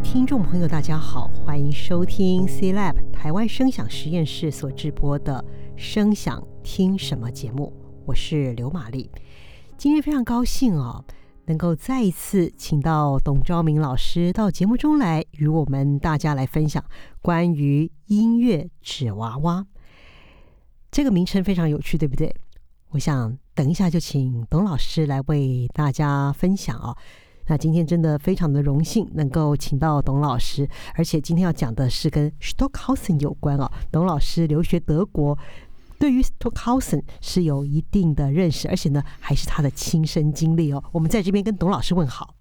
聽眾朋友，大家好，歡迎收聽 C Lab 台灣聲響實驗室所直播的《聲響聽什麼》節目，我是劉瑪麗。今天非常高興啊、哦，能夠再一次請到董昭民老師到節目中來，與我們大家來分享關於音樂紙娃娃這個名稱非常有趣，對不對？我想等一下就請董老師來為大家分享哦。那今天真的非常的榮幸，能夠請到董老師，而且今天要講的是跟 Stockhausen 有關哦。董老師留學德國，對於 Stockhausen 是有一定的認識，而且呢還是他的親身經歷哦。我們在這邊跟董老師問好。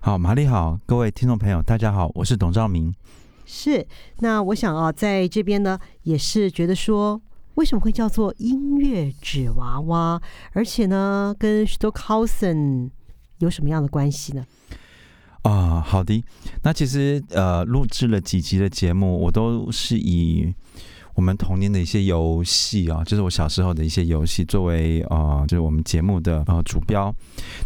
好，馬里好，各位聽眾朋友大家好，我是董昭民。是，那我想啊，在這邊呢，也是覺得說，為什麼會叫做音樂紙娃娃，而且呢，跟 Stockhausen。有什麼樣的關係呢？啊，好的。那其實呃，錄制了幾集的節目，我都是以我們童年的一些遊戲啊，就是我小時候的一些遊戲作為啊，就是我們節目的呃、啊、主標。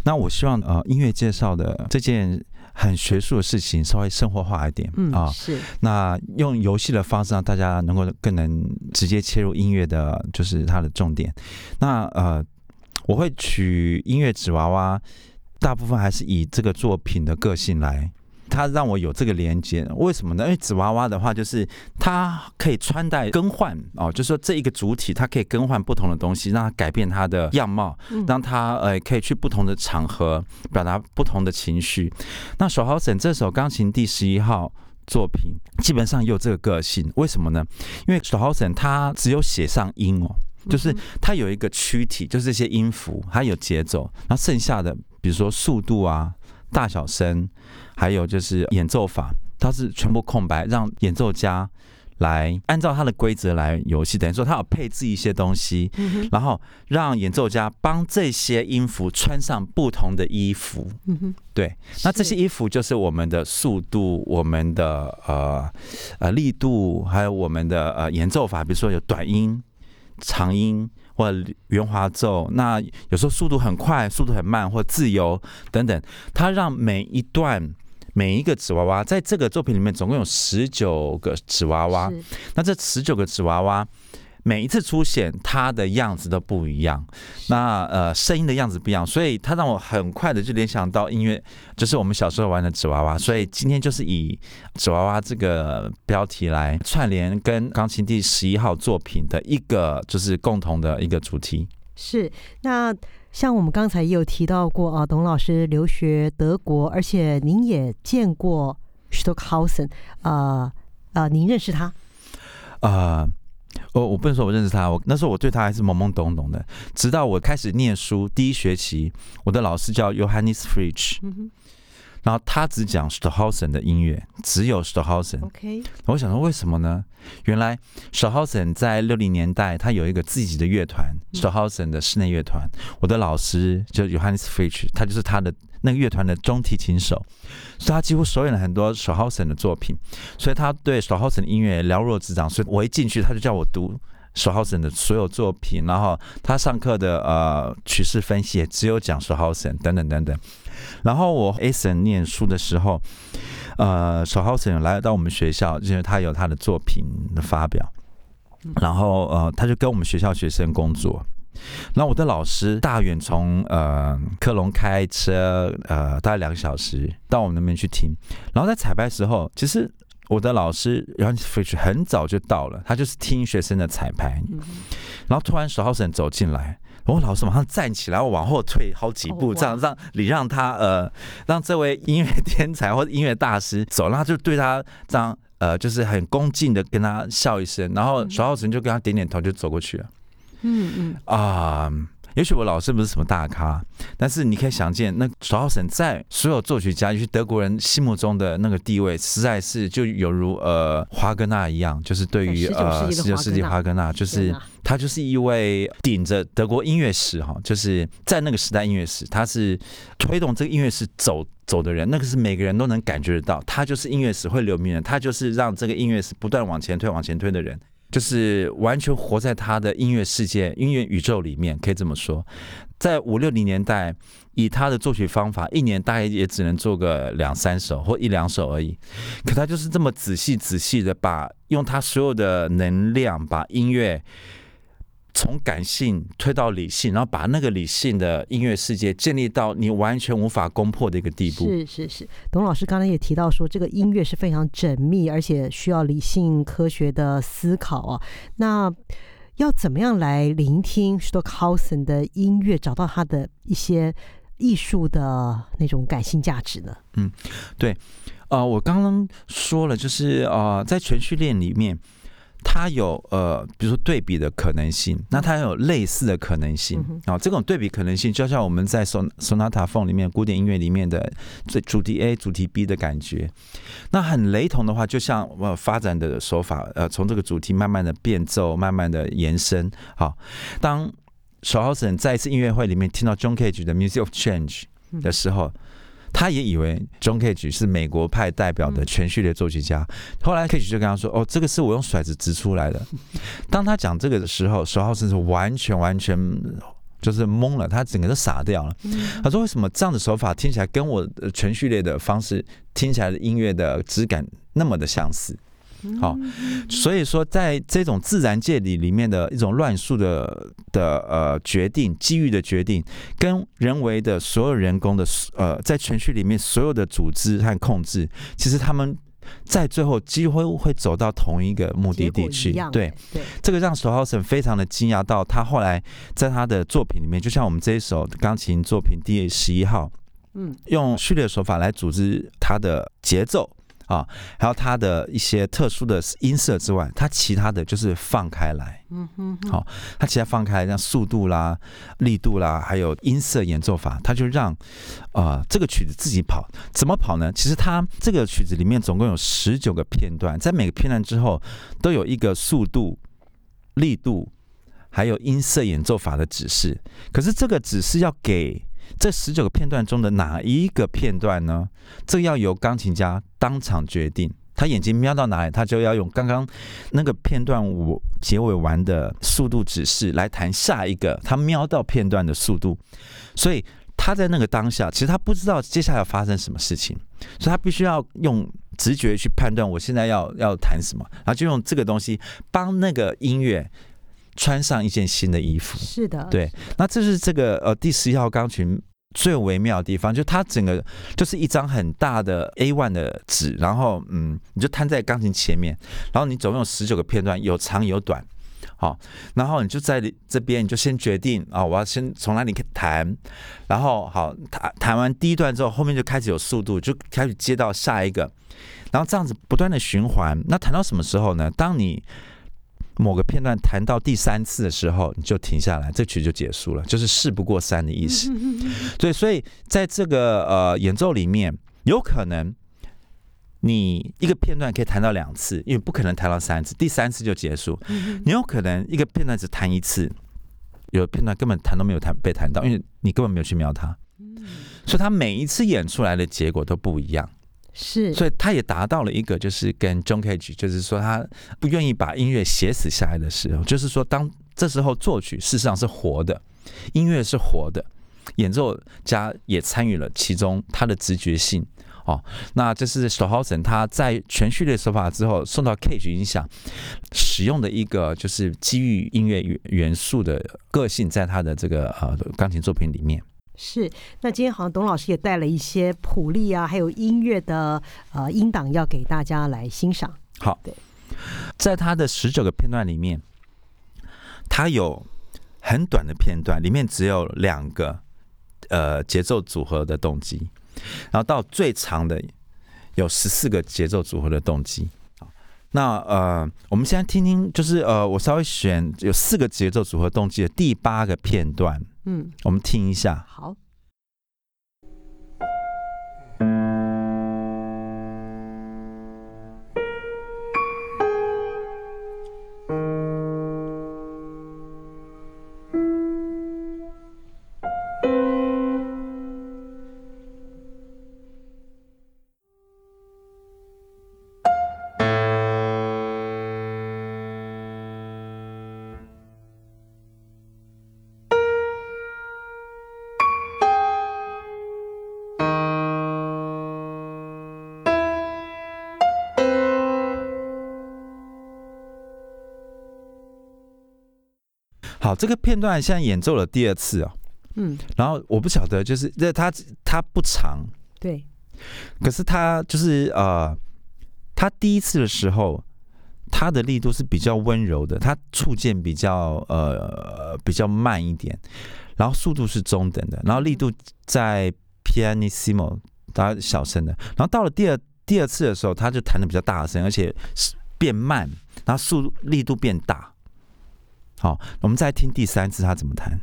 那我希望呃、啊，音樂介紹的這件很學術的事情，稍微生活化一點啊、嗯。是。那用遊戲的方式讓大家能夠更能直接切入音樂的，就是它的重點。那呃、啊，我會取音樂紙娃娃。大部分還是以這個作品的個性來，它讓我有這個連接。為什麼呢？因為紙娃娃的話，就是它可以穿戴更換哦，就是說這一個主體它可以更換不同的東西，讓它改變它的樣貌，讓它呃可以去不同的場合表達不同的情緒。那史托克豪森這首鋼琴第十一號作品基本上也有這個個性。為什麼呢？因為史托克豪森他只有寫上音哦，就是他有一個軀體，就是這些音符，還有節奏，那剩下的。比如說速度啊、大小聲，還有就是演奏法，它是全部空白，讓演奏家來按照它的規則來遊戲。等於說，他有配置一些東西，嗯、哼然後讓演奏家幫這些音符穿上不同的衣服。嗯、哼對，是那這些衣服就是我們的速度、我們的呃呃力度，還有我們的呃演奏法。比如說有短音、長音。或圓滑奏，那有時候速度很快，速度很慢，或自由等等，他讓每一段、每一個紙娃娃，在這個作品裡面總共有十九個紙娃娃，是那這十九個紙娃娃。每一次出現，它的樣子都不一樣。那呃，聲音的樣子不一樣，所以它讓我很快的就聯想到音樂，就是我們小時候玩的紙娃娃。所以今天就是以紙娃娃這個標題來串聯跟鋼琴第十一號作品的一個就是共同的一個主題。是。那像我們剛才也有提到過啊，董老師留學德國，而且您也見過 Stockhausen，呃、啊、呃、啊，您認識他？啊、呃。哦，oh, 我不能說我認識他，我那時候我對他還是懵懵懂懂的。直到我開始念書，第一學期，我的老師叫 Johannes Fritsch，、mm hmm. 然後他只講 Stockhausen、er、的音樂，只有 Stockhausen、er。OK，我想說為什麼呢？原來 Stockhausen、er、在六零年代他有一個自己的樂團、mm hmm.，Stockhausen 的室內樂團。我的老師叫 Johannes Fritsch，他就是他的。那個樂團的中提琴手，所以他幾乎首演了很多索浩森的作品，所以他對索浩森的音樂也了若指掌。所以我一進去，他就叫我讀索浩森的所有作品，然後他上課的呃曲式分析也只有講索浩森等等等等。然後我 A 生念書的時候，呃，索浩森來到我們學校，因為他有他的作品的發表，然後呃，他就跟我們學校學生工作。然後我的老師大遠從呃科隆開車呃大概兩個小時到我們那邊去聽。然後在彩排的時候，其實我的老師楊回去很早就到了，他就是聽學生的彩排。然後突然 Stockhausen 走進來，我、哦、老師馬上站起來，我往後退好幾步，這樣讓你讓他呃讓這位音樂天才或者音樂大師走，他就對他這樣呃就是很恭敬的跟他笑一聲，然後 Stockhausen 就跟他點點頭就走過去了。嗯嗯啊，uh, 也許我老師不是什麼大咖，但是你可以想見，那史托克豪森在所有作曲家，尤其德國人心目中的那個地位，實在是就有如呃華格納一樣，就是對於、欸、呃十九世紀華格納，就是、啊、他就是一位頂着德國音樂史哈，就是在那個時代音樂史，他是推動這個音樂史走走的人，那個是每個人都能感覺得到，他就是音樂史會留名人，他就是讓這個音樂史不斷往前推往前推的人。就是完全活在他的音樂世界、音樂宇宙裡面，可以這麼說。在五六零年代，以他的作曲方法，一年大概也只能做個兩三首或一兩首而已。可他就是這麼仔細、仔細的把，用他所有的能量把音樂。從感性推到理性，然後把那個理性的音樂世界建立到你完全無法攻破的一個地步。是是是，董老師剛才也提到說，這個音樂是非常縝密，而且需要理性科學的思考哦、啊。那要怎麼樣來聆聽許多 o c u s n 的音樂，找到他的一些藝術的那種感性價值呢？嗯，對，呃，我剛剛說了，就是呃，在全序列裡面。它有呃，比如說對比的可能性，那它有類似的可能性。啊、嗯哼哦，這種對比可能性，就像我們在索索納塔鳳裡面古典音樂裡面的主題 A、主題 B 的感覺。那很雷同的話，就像們、呃、發展的手法，呃，從這個主題慢慢的變奏，慢慢的延伸。好、哦，當 s 浩森在一次音樂會裡面聽到 John Cage 的 Music of Change 的時候。嗯他也以為 John Cage 是美國派代表的全序列作曲家，嗯、後來 Cage 就跟他說：“哦，這個是我用骰子擲出來的。”當他講這個的時候，索號甚至完全完全就是懵了，他整個都傻掉了。他說：“為什麼這樣的手法聽起來跟我的全序列的方式聽起來的音樂的質感那麼的相似？”好、哦，所以說，在這種自然界裡裡面的一種亂數的的呃決定，機遇的決定，跟人為的所有人工的呃在程序裡面所有的組織和控制，其實他們在最後幾乎會走到同一個目的地去。對對，對這個讓索豪森非常的驚訝到，他後來在他的作品裡面，就像我們這一首鋼琴作品第十一號，嗯，用序列手法來組織它的節奏。啊、哦，還有他的一些特殊的音色之外，他其他的就是放開來。嗯、哦、哼，好，他其他放開，像速度啦、力度啦，還有音色演奏法，他就讓啊、呃、這個曲子自己跑。怎麼跑呢？其實他這個曲子裡面總共有十九個片段，在每個片段之後都有一個速度、力度，還有音色演奏法的指示。可是這個指示要給。這十九個片段中的哪一個片段呢？這要由鋼琴家當場決定。他眼睛瞄到哪裡，他就要用剛剛那個片段我結尾完的速度指示來彈下一個。他瞄到片段的速度，所以他在那個當下，其實他不知道接下來要發生什麼事情，所以他必須要用直覺去判斷我現在要要彈什麼，然後就用這個東西幫那個音樂穿上一件新的衣服。是的，對，是的 那這是這個呃第十一號鋼琴最微妙的地方，就它整個就是一張很大的 A one 的紙，然後嗯，你就攤在鋼琴前面，然後你總共有十九個片段，有長有短，好，然後你就在這邊，你就先決定啊、哦，我要先從哪裡開始彈，然後好彈彈完第一段之後，後面就開始有速度，就開始接到下一個，然後這樣子不斷的循環。那彈到什麼時候呢？當你某個片段彈到第三次的時候，你就停下來，這曲就結束了，就是“事不過三”的意思。對，所以在這個呃演奏裡面，有可能你一個片段可以彈到兩次，因為不可能彈到三次，第三次就結束。你有可能一個片段只彈一次，有的片段根本彈都沒有彈被彈到，因為你根本沒有去瞄他。所以，他每一次演出來的結果都不一樣。是，所以他也達到了一個，就是跟 John Cage，就是說他不願意把音樂寫死下來的時候，就是說當這時候作曲事實上是活的，音樂是活的，演奏家也參與了其中，他的直覺性哦，那這是 Stockhausen 他在全序列手法之後受到 Cage 影響使用的一個，就是基於音樂元素的個性，在他的這個呃鋼琴作品裡面。是，那今天好像董老師也帶了一些譜例啊，還有音樂的呃音檔要給大家來欣賞。好，對，在他的十九個片段裡面，他有很短的片段，裡面只有兩個呃節奏組合的動機，然後到最長的有十四個節奏組合的動機。那呃，我們現在聽聽，就是呃，我稍微選有四個節奏組合動機的第八個片段。嗯，我們聽一下。好。這個片段現在演奏了第二次哦，嗯，然後我不曉得，就是這他他不長，對，可是他就是呃，他第一次的時候，他的力度是比較溫柔的，他觸鍵比較呃比較慢一點，然後速度是中等的，然後力度在 pianissimo，大小聲的，然後到了第二第二次的時候，他就彈的比較大聲，而且變慢，然後速度力度變大。好，我們再聽第三次他怎麼彈。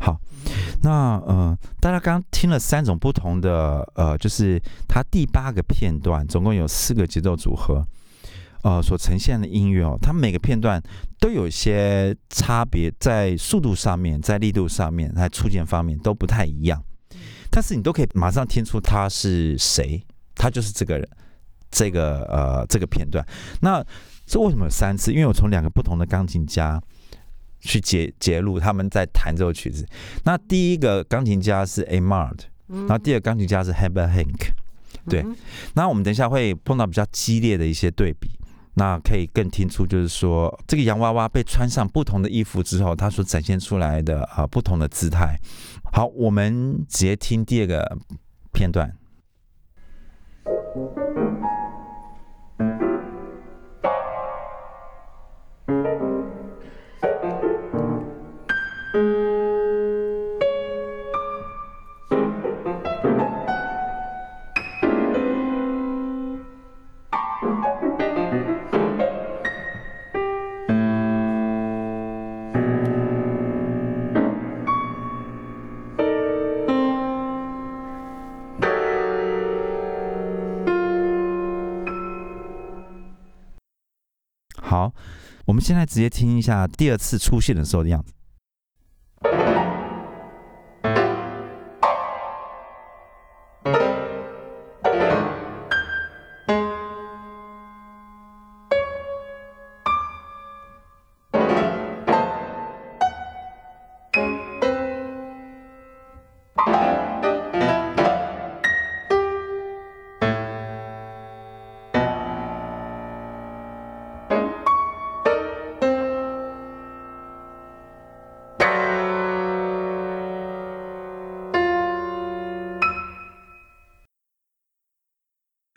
好，那呃。剛聽了三種不同的，呃，就是他第八個片段，總共有四個節奏組合，呃，所呈現的音樂哦，他每個片段都有一些差別，在速度上面，在力度上面，在觸鍵方面都不太一樣，但是你都可以馬上聽出他是誰，他就是這個人，這個呃，這個片段。那這為什麼有三次？因為我從兩個不同的鋼琴家。去揭揭露他們在彈這首曲子。那第一個鋼琴家是 Aimard，然後第二個鋼琴家是 Herbert Henck，對，那我們等一下會碰到比較激烈的一些對比，那可以更聽出就是說這個洋娃娃被穿上不同的衣服之後，它所展現出來的啊、呃、不同的姿態。好，我們直接聽第二個片段。我們現在直接聽一下第二次出現的時候的樣子。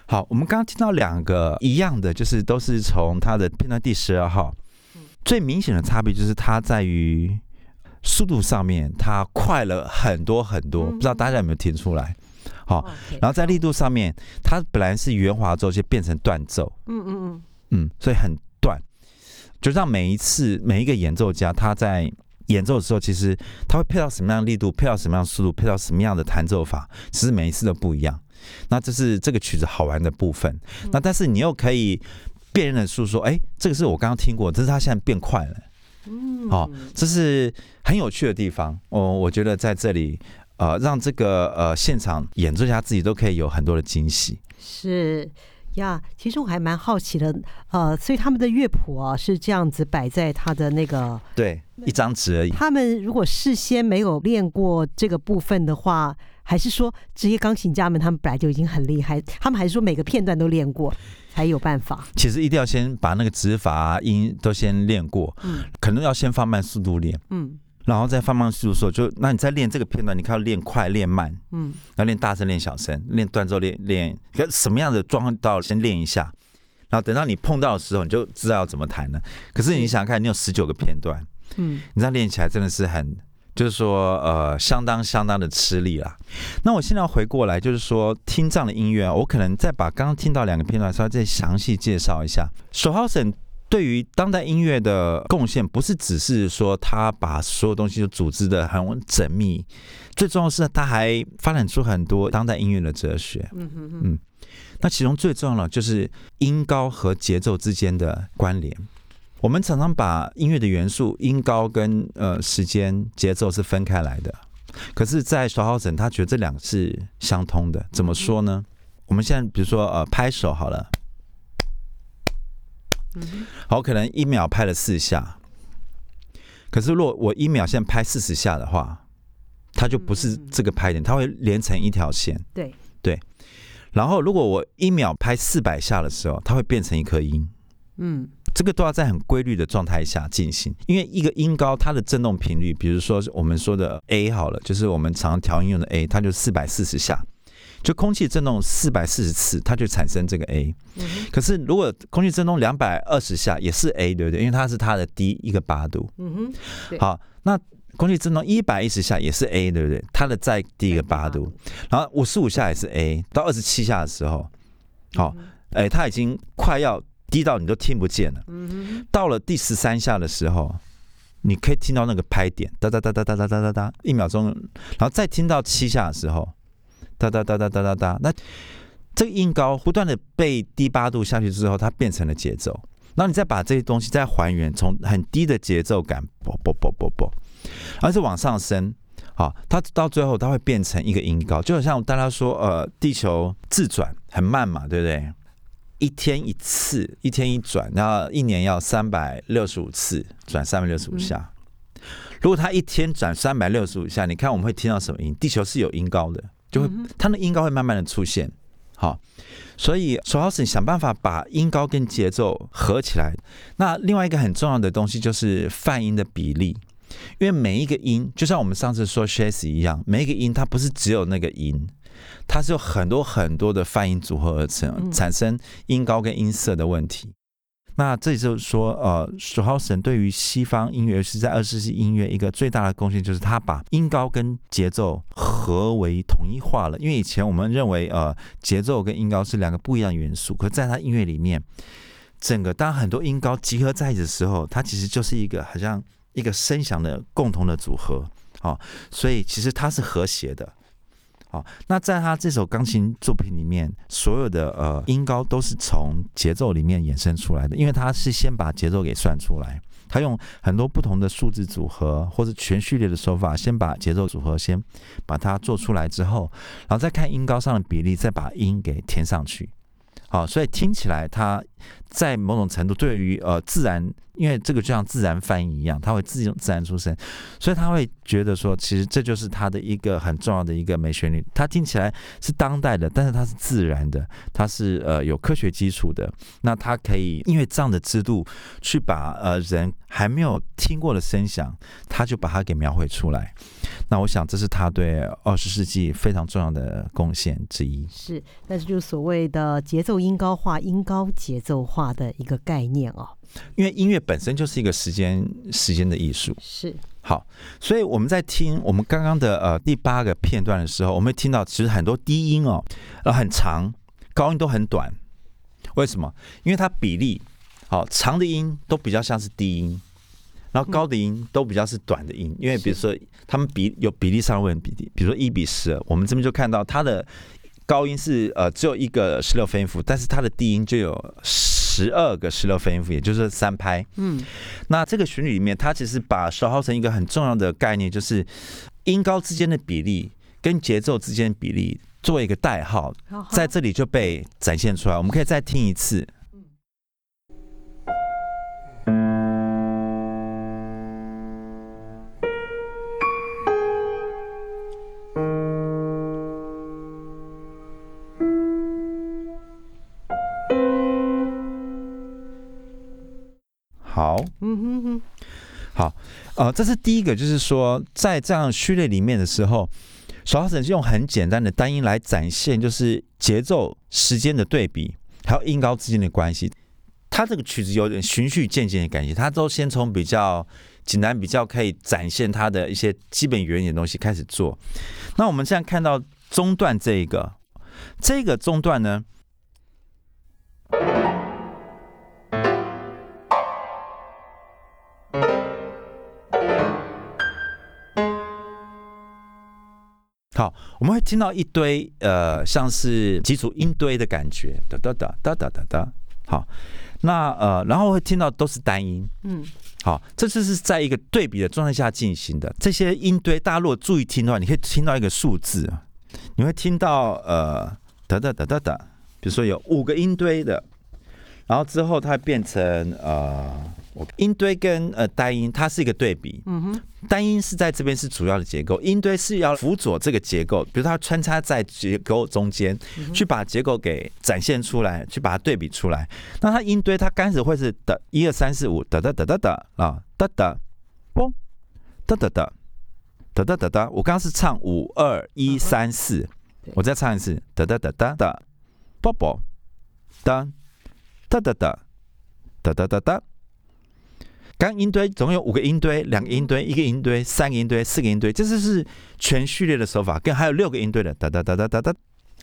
好，我們剛剛聽到兩個一樣的，就是都是從它的片段第十二號，最明顯的差別就是它在於速度上面，它快了很多很多。嗯、不知道大家有沒有聽出來？好、嗯哼，然後在力度上面，它本來是圓滑奏就變成斷奏。嗯嗯嗯，所以很斷，就讓每一次每一個演奏家他在演奏的時候，其實他會配到什麼樣的力度，配到什麼樣的速度，配到什麼樣的彈奏法，其實每一次都不一樣。那這是這個曲子好玩的部分。嗯、那但是你又可以辨認的出，說，哎、欸，這個是我剛剛聽過，這是它現在變快了。嗯，哦，這是很有趣的地方。哦，我覺得在這裡，呃，讓這個呃現場演奏家自己都可以有很多的驚喜。是。呀，其實我還蠻好奇的，呃，所以他們的樂譜啊是這樣子擺在他的那個對一張紙而已。他們如果事先沒有練過這個部分的話，還是說職業鋼琴家們他們本來就已經很厲害？他們還是說每個片段都練過才有辦法？其實一定要先把那個指法、啊、音、音都先練過，嗯，可能要先放慢速度練，嗯。然後再放慢速度說，就那你在練這個片段，你可要練快練慢，嗯，要練大聲練小聲，練斷奏練練，可什麼樣的狀態，到先練一下，然後等到你碰到的時候，你就知道要怎麼彈了。可是你想，想看，嗯、你有十九個片段，嗯，你這樣練起來真的是很，就是說呃，相當相當的吃力啦。那我現在要回過來，就是說聽這樣的音樂，啊，我可能再把剛剛聽到兩個片段稍微再詳細介紹一下。Stockhausen 對於當代音樂的貢獻，不是只是說他把所有東西都組織得很縝密，最重要的是他還發展出很多當代音樂的哲學。嗯嗯哼，哼嗯。那其中最重要的就是音高和節奏之間的關聯。我們常常把音樂的元素音高跟呃時間節奏是分開來的，可是在少少，在 Stockhausen 他覺得這兩個是相通的。怎麼說呢？嗯、我們現在比如說呃拍手好了。嗯、好，可能一秒拍了四下，可是如果我一秒現在拍四十下的話，它就不是這個拍點，嗯嗯，它會連成一條線。對對。然後如果我一秒拍四百下的時候，它會變成一顆音。嗯，這個都要在很規律的狀態下進行，因為一個音高它的震動頻率，比如說我們說的 A 好了，就是我們常常調音用的 A，它就四百四十下。就空氣振動四百四十次，它就產生這個 A。可是如果空氣振動兩百二十下，也是 A，對不對？因為它是它的低一個八度。嗯哼。好，那空氣振動一百一十下也是 A，對不對？它的再低一個八度。然後五十五下也是 A，到二十七下的時候，好，哎，它已經快要低到你都聽不見了。嗯，到了第十三下的時候，你可以聽到那個拍點，噠噠噠噠噠噠噠噠噠，一秒鐘，然後再聽到七下的時候。噠噠噠噠噠噠噠，那這個音高不斷的被低八度下去之後，它變成了節奏。然後你再把這些東西再還原，從很低的節奏感，啵啵啵啵啵，而是往上升，好、啊，它到最後它會變成一個音高，就好像大家說，呃，地球自轉很慢嘛，對不對？一天一次，一天一轉，然後一年要三百六十五次，轉三百六十五下。如果他一天轉三百六十五下，你看我們會聽到什麼音？地球是有音高的。就會，它的音高會慢慢的出現，好、哦，所以主要是想辦法把音高跟節奏合起來。那另外一個很重要的東西就是泛音的比例，因為每一個音，就像我們上次說 shes 一樣，每一個音它不是只有那個音，它是有很多很多的泛音組合而成，產生音高跟音色的問題。那這就是說，呃，Stockhausen 對於西方音樂是在二十世紀音樂一個最大的貢獻，就是他把音高跟節奏合為統一化了。因為以前我們認為，呃，節奏跟音高是兩個不一樣的元素，可是在他音樂裡面，整個當很多音高集合在一起的時候，它其實就是一個好像一個聲響的共同的組合，哦，所以其實它是和諧的。好，那在他這首鋼琴作品裡面，所有的呃音高都是從節奏裡面衍生出來的，因為他是先把節奏給算出來，他用很多不同的數字組合或者全序列的手法，先把節奏組合先把它做出來之後，然後再看音高上的比例，再把音給填上去。好、哦，所以聽起來，它在某種程度對於呃自然，因為這個就像自然翻譯一樣，它會自己自然出聲，所以他會覺得說，其實這就是他的一個很重要的一個沒旋律。它聽起來是當代的，但是它是自然的，它是呃有科學基礎的。那它可以因為這樣的制度去把呃人還沒有聽過的聲響，他就把它給描繪出來。那我想，這是他對二十世紀非常重要的貢獻之一。是，但是就是所謂的節奏音高化、音高節奏化的一個概念哦。因為音樂本身就是一個時間、時間的藝術。是。好，所以我們在聽我們剛剛的呃第八個片段的時候，我們會聽到其實很多低音哦，呃很長，高音都很短。為什麼？因為它比例好、哦，長的音都比較像是低音。然後高的音都比較是短的音，嗯、因為比如說他們比有比例上的比例，比如說一比十二，我們這邊就看到他的高音是呃只有一個十六分音符，但是它的低音就有十二個十六分音符，也就是三拍。嗯，那這個旋律裡面，它其實把消耗成一個很重要的概念，就是音高之間的比例跟節奏之間的比例作為一個代號，在這裡就被展現出來。我們可以再聽一次。哦、呃，這是第一個，就是說，在這樣序列裡面的時候，Stockhausen 是用很簡單的單音來展現，就是節奏時間的對比，還有音高之間的關係。他這個曲子有點循序漸進的感覺，他都先從比較簡單、比較可以展現他的一些基本原理的東西開始做。那我們現在看到中段這一個，這個中段呢。好，我們會聽到一堆呃，像是幾組音堆的感覺，噠噠噠噠噠噠噠。好，那呃，然後會聽到都是單音，嗯，好，這次是在一個對比的狀態下進行的。這些音堆，大家如果注意聽的話，你可以聽到一個數字，你會聽到呃，噠噠噠噠噠，比如說有五個音堆的，然後之後它變成呃。音堆跟呃單音，它是一個對比。嗯哼，單音是在這邊是主要的結構，音堆是要輔佐這個結構，比如它穿插在結構中間，去把結構給展現出來，去把它對比出來。那它音堆，它剛開始會是的一二三四五，噠噠噠噠噠啊，噠噠，嘣，噠噠噠，噠噠噠噠。我剛剛是唱五二一三四，我再唱一次，噠噠噠噠噠，啵啵，噠，噠噠噠，噠噠噠噠。剛音堆總共有五個音堆，兩個音堆，一個音堆，三個音堆，四個音堆，這次是全序列的手法，跟還有六個音堆的噠噠噠噠噠噠，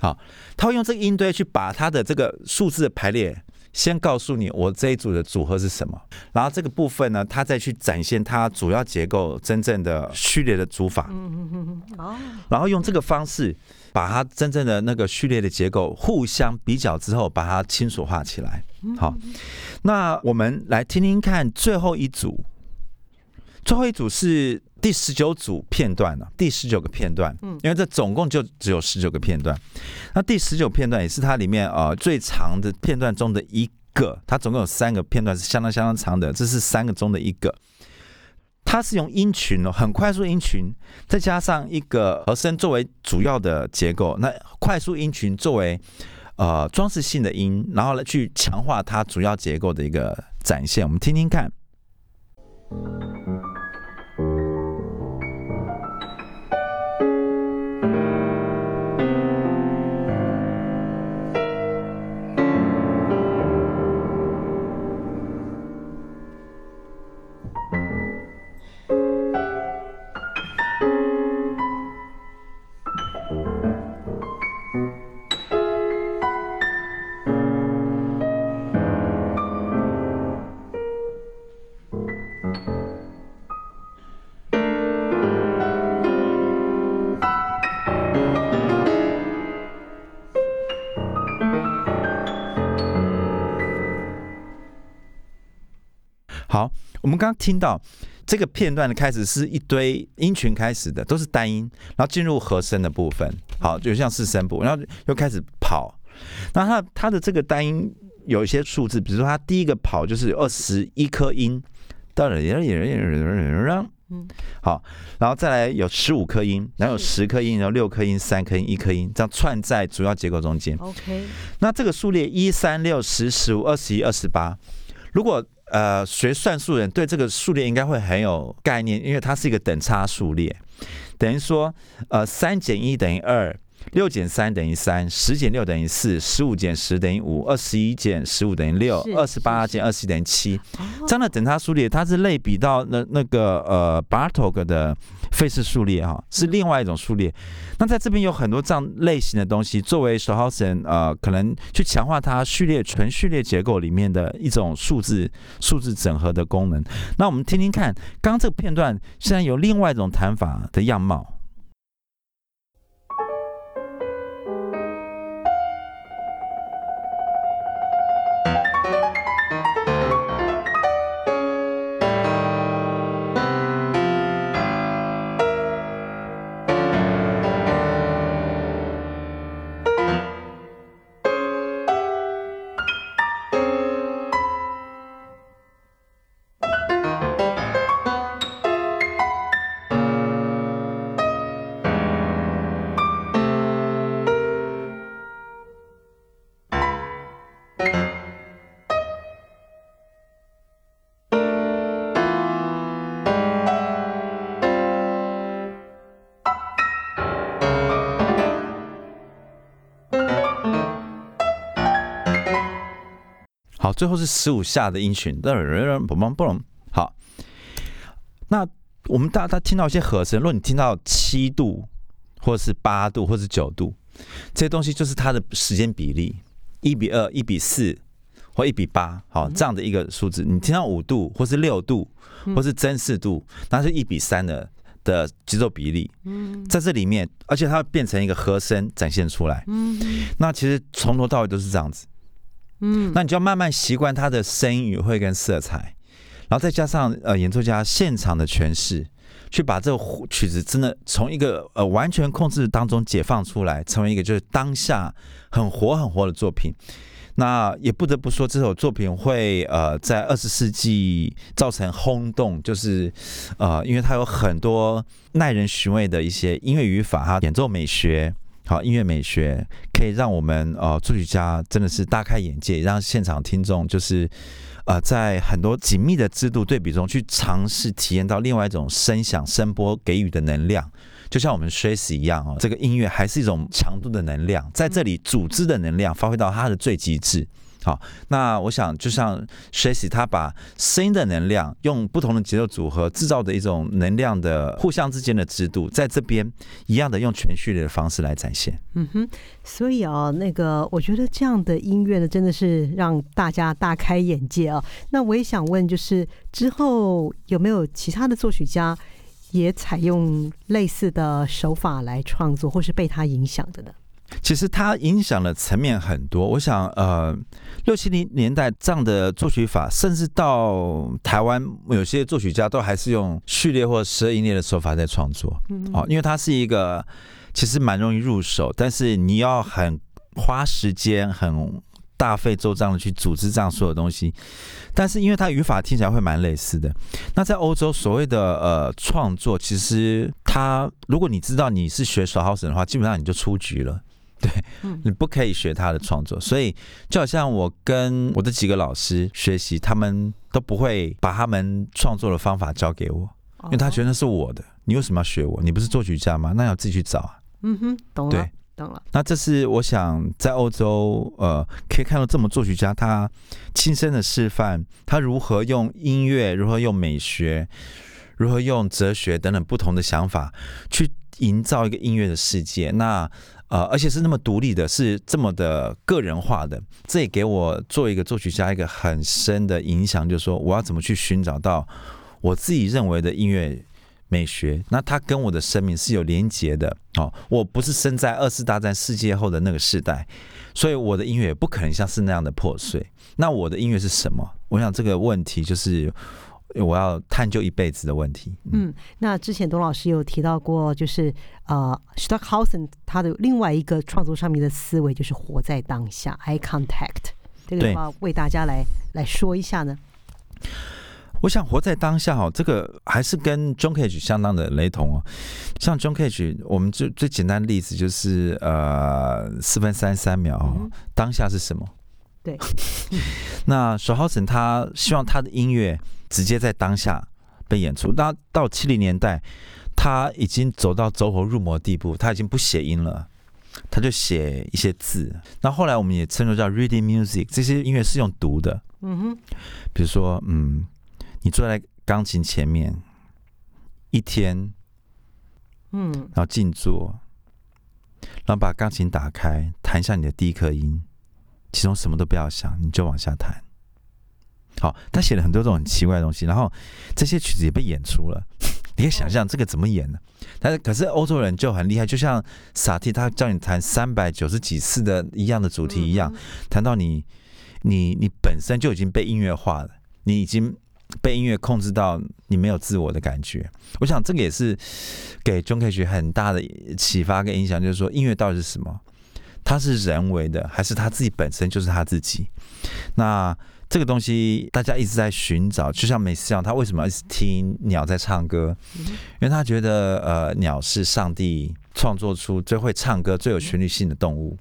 好，他會用這個音堆去把他的這個數字的排列，先告訴你我這一組的組合是什麼，然後這個部分呢，它再去展現它主要結構真正的序列的組法，然後用這個方式把它真正的那個序列的結構互相比較之後，把它清楚化起來。好，那我們來聽聽看最後一組。最後一組是第十九組片段了，第十九個片段，因為這總共就只有十九個片段。嗯、那第十九片段也是它裡面呃最長的片段中的一個。它總共有三個片段是相當相當長的，這是三個中的一個。它是用音群哦，很快速音群，再加上一個和聲作為主要的結構。那快速音群作為呃裝飾性的音，然後來去強化它主要結構的一個展現。我們聽聽看。剛剛聽到這個片段的開始是一堆音群開始的，都是單音，然後進入和聲的部分，好，就像四聲部，然後又開始跑，那它，它的這個單音有一些數字，比如說它第一個跑就是二十一顆音，當然，然後，然後，然後，然後，嗯，好，然後再來有十五顆音，然後有十顆音，然後六顆音，三顆音，一顆音，這樣串在主要結構中間。OK，那這個數列一三六十十五二十一二十八，如果呃，學算術人對這個數列應該會很有概念，因為它是一個等差數列，等於說，呃，三減一等於二。六減三等於三，十減六等於四，十五減十等於五，二十一減十五等於六，二十八減二十一等於七。4, 5, 6，這樣的等差數列，它是類比到那那個呃 Bartók 的費氏數列哈、哦，是另外一種數列。嗯、那在這邊有很多這樣類型的東西，作為 Stockhausen 呃可能去強化它序列純序列結構裡面的一種數字數字整合的功能。那我們聽聽看，剛剛這個片段現在有另外一種彈法的樣貌。最後是十五下的音群，那嘣嘣嘣，好。那我們大家聽到一些和聲，如果你聽到七度，或是八度，或是九度，這些東西就是它的時間比例一比二、一比四或一比八，好，這樣的一個數字。嗯、你聽到五度，或是六度，或是增四度，嗯、那是一比三的的節奏比例。嗯，在這裡面，而且它變成一個和聲展現出來。嗯，那其實從頭到尾都是這樣子。嗯，那你就要慢慢習慣他的聲音語彙跟色彩，然後再加上呃演奏家，現場的詮釋，去把這首曲子真的從一個呃完全控制當中解放出來，成為一個就是當下很活很活的作品。那也不得不說這首作品會呃在二十世紀造成轟動，就是呃因為它有很多耐人尋味的一些音樂語法還有演奏美學。好，音樂美學可以讓我們呃作曲家真的是大開眼界，讓現場聽眾就是呃在很多緊密的制度對比中去嘗試體驗到另外一種聲響聲波給予的能量，就像我們學習一樣啊，哦，這個音樂還是一種強度的能量，在這裡組織的能量發揮到它的最極致。好，那我想就像學習，他把新的能量用不同的節奏組合製造的一種能量的互相之間的制度，在這邊一樣的用全序列的方式來展現。嗯哼，所以啊，那個我覺得這樣的音樂呢，真的是讓大家大開眼界啊。那我也想問，就是之後有沒有其他的作曲家也採用類似的手法來創作，或是被他影響的呢？其實它影響的層面很多，我想，呃，六七零年代這樣的作曲法，甚至到台灣有些作曲家都還是用序列或十二音列的手法在創作，嗯嗯哦，因為它是一個其實蠻容易入手，但是你要很花時間、很大費周章的去組織這樣所有東西。嗯嗯，但是因為它語法聽起來會蠻類似的，那在歐洲所謂的呃創作，其實它如果你知道你是學 Stockhausen 的話，基本上你就出局了。對，你不可以學他的創作，所以就好像我跟我的幾個老師學習，他們都不會把他們創作的方法教給我，因為他覺得那是我的。你為什麼要學我？你不是作曲家嗎？那要自己去找啊。嗯哼，懂了。對，懂了。那這是我想在歐洲，呃，可以看到這麼作曲家他親身的示範，他如何用音樂，如何用美學，如何用哲學等等不同的想法去營造一個音樂的世界。那。呃，而且是那麼獨立的，是這麼的個人化的，這也給我做一個作曲家一個很深的影響，就是說我要怎麼去尋找到我自己認為的音樂美學？那它跟我的生命是有連結的哦。我不是生在二次大戰世界後的那個時代，所以我的音樂也不可能像是那樣的破碎。那我的音樂是什麼？我想這個問題就是。我要探究一輩子的問題。嗯，嗯，那之前董老師有提到過，就是呃，Stockhausen 他的另外一個創作上面的思維就是活在當下，eye contact。這個話為大家來來說一下呢？我想活在當下哦，這個還是跟 John Cage 相當的雷同哦。像 John Cage，我們最最簡單的例子就是呃，四分三十三秒，哦，嗯，當下是什麼？對， 那 Stockhausen 他希望他的音樂直接在當下被演出。那到七零年代，他已經走到走火入魔的地步，他已經不寫音了，他就寫一些字。那後，後來我們也稱作叫 reading music，這些音樂是用讀的。嗯哼。比如說，嗯，你坐在鋼琴前面，一天，嗯，然後靜坐，然後把鋼琴打開，彈一下你的第一顆音。其中什麼都不要想，你就往下彈。好，他寫了很多這種很奇怪的東西，然後這些曲子也被演出了。你可以想象這個怎麼演呢、啊？但是可是歐洲人就很厲害，就像薩提他叫你彈三百九十幾次的一樣的主題一樣，彈到你你你本身就已經被音樂化了，你已經被音樂控制到你沒有自我的感覺。我想這個也是給 John Cage 很大的啟發跟影響，就是說音樂到底是什麼？他是人為的，還是他自己本身就是他自己？那這個東西大家一直在尋找，就像梅西昂，他為什麼要一直聽鳥在唱歌？因為他覺得，呃，鳥是上帝創作出最會唱歌，最有旋律性的動物。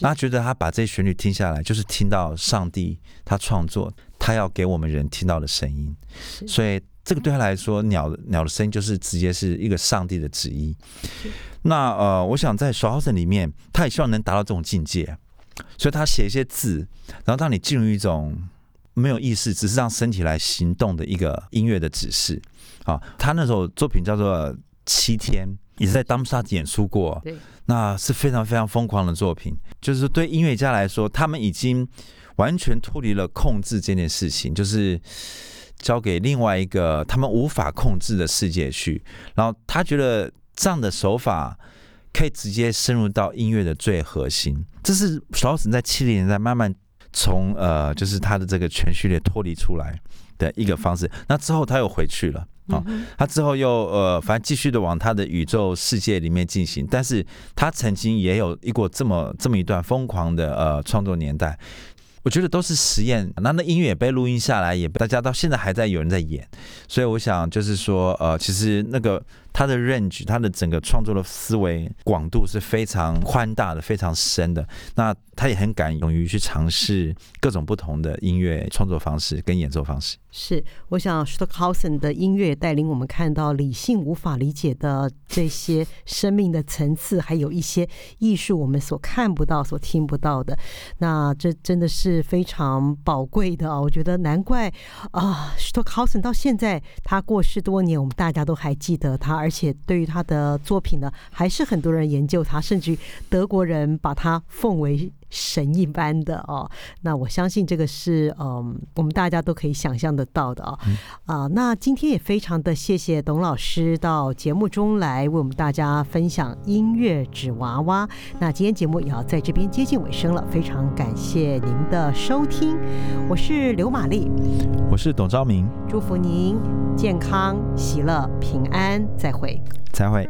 他、嗯、覺得他把這些旋律聽下來，就是聽到上帝他創作，他要給我們人聽到的聲音。是所以。這個對他來說，鳥鳥的聲音就是直接是一個上帝的旨意。的那呃，我想在 Stockhausen 裡面，他也希望能達到這種境界，所以他寫一些字，然後讓你進入一種沒有意識，只是讓身體來行動的一個音樂的指示。啊，他那首作品叫做《七天》，也是在 Darmstadt 演出過，對那是非常非常瘋狂的作品。就是對音樂家來說，他們已經完全脫離了控制這件事情，就是。交給另外一個他們無法控制的世界去，然後他覺得這樣的手法可以直接深入到音樂的最核心，這是 Stockhausen 在七零年代慢慢從呃，就是他的這個全序列脫離出來的一個方式。那之後他又回去了啊、哦，他之後又呃，反正繼續的往他的宇宙世界裡面進行。但是他曾經也有過這麼這麼一段瘋狂的呃創作年代。我覺得都是實驗，那那音樂也被錄音下來，也大家到現在還在有人在演，所以我想就是說，呃，其實那個。他的 range，他的整個創作的思維廣度是非常寬大的，非常深的。那他也很敢勇於去嘗試各種不同的音樂創作方式跟演奏方式。是，我想 Stockhausen、ok、的音樂帶領我們看到理性無法理解的這些生命的層次，還有一些藝術我們所看不到、所聽不到的。那這真的是非常寶貴的啊、哦！我覺得難怪啊，Stockhausen、ok、到現在他過世多年，我們大家都還記得他。而且，對於他的作品呢，還是很多人研究他，甚至德國人把他奉為。神一般的哦，那我相信這個是嗯，我們大家都可以想象得到的哦。啊、嗯呃，那今天也非常的謝謝董老師到節目中來為我們大家分享音樂紙娃娃。那今天節目也要在這邊接近尾聲了，非常感謝您的收聽。我是劉瑪麗，我是董昭民，祝福您健康、喜樂、平安，再會，再會。